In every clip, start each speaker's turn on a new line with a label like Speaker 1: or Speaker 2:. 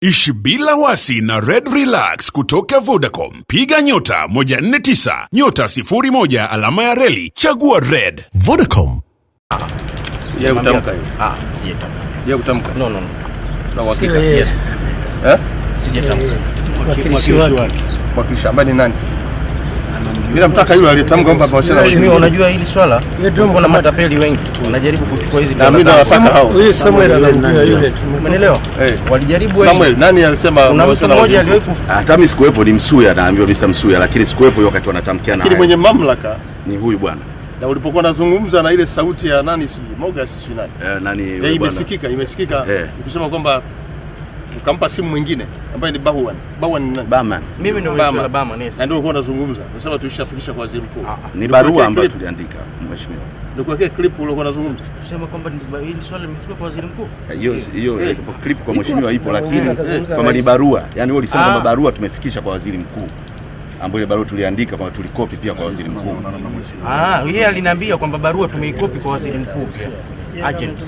Speaker 1: Ishi bila wasi na Red Relax kutoka Vodacom. Piga nyota 149 nyota 01 alama ya reli chagua Red. Vodacom.
Speaker 2: Sijai kutamka hiyo. Ah, sijai kutamka. No, no, no. Na hakika. Yes. Eh?
Speaker 3: Sijai kutamka.
Speaker 4: Mwakilishi wake. Mwakilishi ambaye ni nani sasa?
Speaker 2: bila mtaka yule aliyetamka kwamba biashara.
Speaker 5: Mimi unajua hili swala, kuna matapeli wengi unajaribu kuchukua hizi
Speaker 2: na mimi nawasaka hao.
Speaker 6: Yule Samuel anajua
Speaker 5: yule, umeelewa? Eh. Walijaribu wao.
Speaker 2: Samuel nani alisema biashara? Mmoja aliwahi Hata mimi sikuepo, ni Msuya anaambiwa Mr. Msuya, lakini sikuepo wakati wanatamkia haya.
Speaker 7: Lakini mwenye mamlaka ni huyu bwana. Na ulipokuwa unazungumza na ile sauti ya nani sijui, Moga sijui nani.
Speaker 2: Eh, nani?
Speaker 7: Eh, imesikika, imesikika. Eh. Ukisema kwamba ukampa simu mwingine ambaye ni Bahuan. Bahuan ni nani?
Speaker 2: Baman.
Speaker 5: Mimi ndio Baman. Baman, yes.
Speaker 7: ndio ulikuwa unazungumza. Unasema tulishafikisha kwa waziri mkuu. Ah, ah.
Speaker 2: Ni barua ambayo tuliandika mheshimiwa.
Speaker 7: Ndio kwa kile clip uliokuwa unazungumza.
Speaker 5: Kusema kwamba hili swali limefika kwa waziri mkuu?
Speaker 2: Eh, hiyo eh. hiyo clip kwa mheshimiwa ipo lakini kama ni barua. yani wewe ulisema ah. kwamba barua tumefikisha kwa waziri mkuu ambayo ile barua tuliandika kwamba tulikopi pia kwa waziri mkuu.
Speaker 5: Ah, yeye aliniambia kwamba barua tumeikopi kwa waziri mkuu Agent.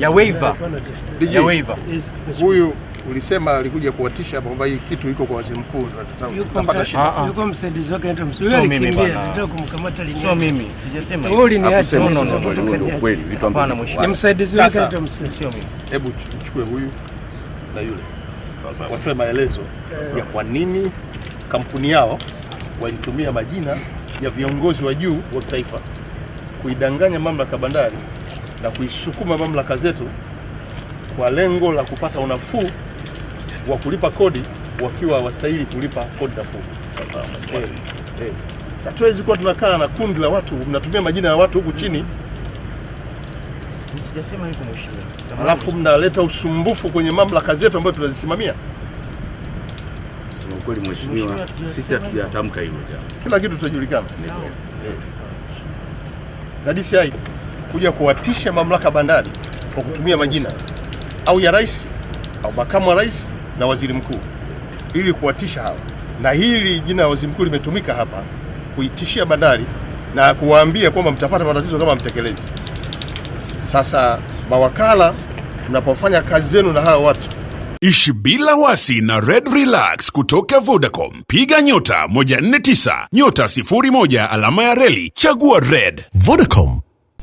Speaker 5: Ya waiver.
Speaker 2: Ya waiver.
Speaker 7: Huyu ulisema alikuja kuwatisha kwamba hii kitu iko kwa waziri mkuu.
Speaker 8: tutapata shida. Ah, ah. Yuko msaidizi wake ndio
Speaker 5: anaitwa yule kimbia,
Speaker 8: ndio kumkamata lini?
Speaker 5: Sio mimi, sijasema wewe,
Speaker 2: uliniacha kweli. vitu
Speaker 8: ambavyo. Hapana mheshimiwa, ni msaidizi wake ndio Msuya, sio mimi.
Speaker 7: Hebu tuchukue huyu na yule, sasa watoe maelezo eh. ya kwa nini kampuni yao walitumia majina ya viongozi wa juu wa taifa kuidanganya mamlaka bandari na kuisukuma mamlaka zetu kwa lengo la kupata unafuu wa kulipa kodi wakiwa wastahili kulipa kodi nafuu. Eh, eh. Sasa Hatuwezi kuwa tunakaa na kundi la watu mnatumia majina ya watu huku hmm. chini
Speaker 5: Sijasema hivyo mheshimiwa.
Speaker 7: Alafu mnaleta usumbufu kwenye mamlaka zetu ambayo tunazisimamia.
Speaker 2: Kwa kweli mheshimiwa, sisi hatujatamka hilo jambo.
Speaker 7: Kila kitu tutajulikana. Eh. Na DCI kuja kuwatisha mamlaka bandari kwa kutumia majina au ya rais au makamu wa rais na waziri mkuu ili kuwatisha hawa, na hili jina la waziri mkuu limetumika hapa kuitishia bandari na kuwaambia kwamba mtapata matatizo kama mtekelezi. Sasa mawakala, mnapofanya kazi zenu na hawa watu
Speaker 1: Ishi bila wasi na Red Relax kutoka Vodacom. Piga nyota 149 nyota 01 alama ya reli, chagua Red. Vodacom.